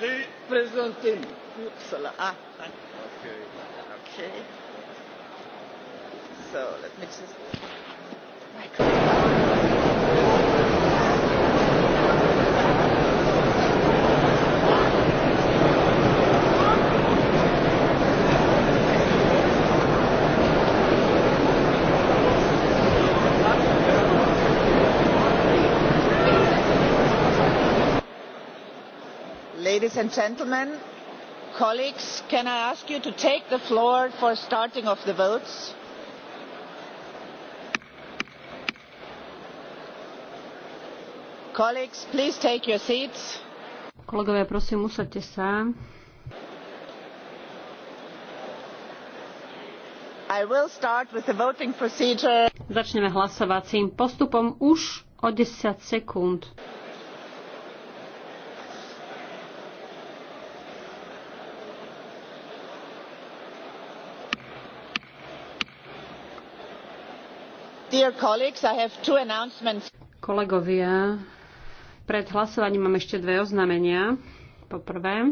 the presenting Ah, thank Okay. Okay. So let me just. Microphone. ladies and gentlemen colleagues can i ask you to take the floor for the starting of the votes? colleagues please take your seats. kolegovia prosím usaďte sa. I will start with the voting procedure. Začneme hlasovacím postupom už o 10 sekúnd. Kolegovia, pred hlasovaním mám ešte dve oznámenia. Poprvé,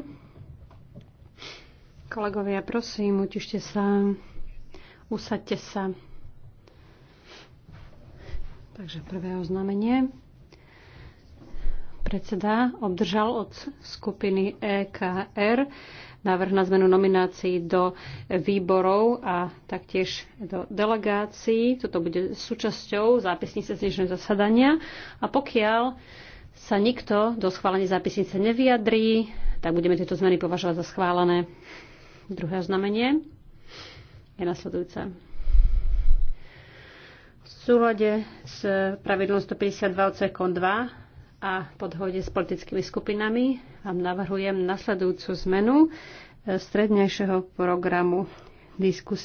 kolegovia, prosím, utište sa, usaďte sa. Takže prvé oznámenie. Predseda obdržal od skupiny EKR návrh na zmenu nominácií do výborov a taktiež do delegácií. Toto bude súčasťou zápisnice z dnešného zasadania. A pokiaľ sa nikto do schválenia zápisnice nevyjadrí, tak budeme tieto zmeny považovať za schválené. Druhé znamenie je nasledujúce. V súlade s pravidlom 152 odsekom 2 a po dohode s politickými skupinami vám navrhujem nasledujúcu zmenu e, strednejšieho programu diskusie.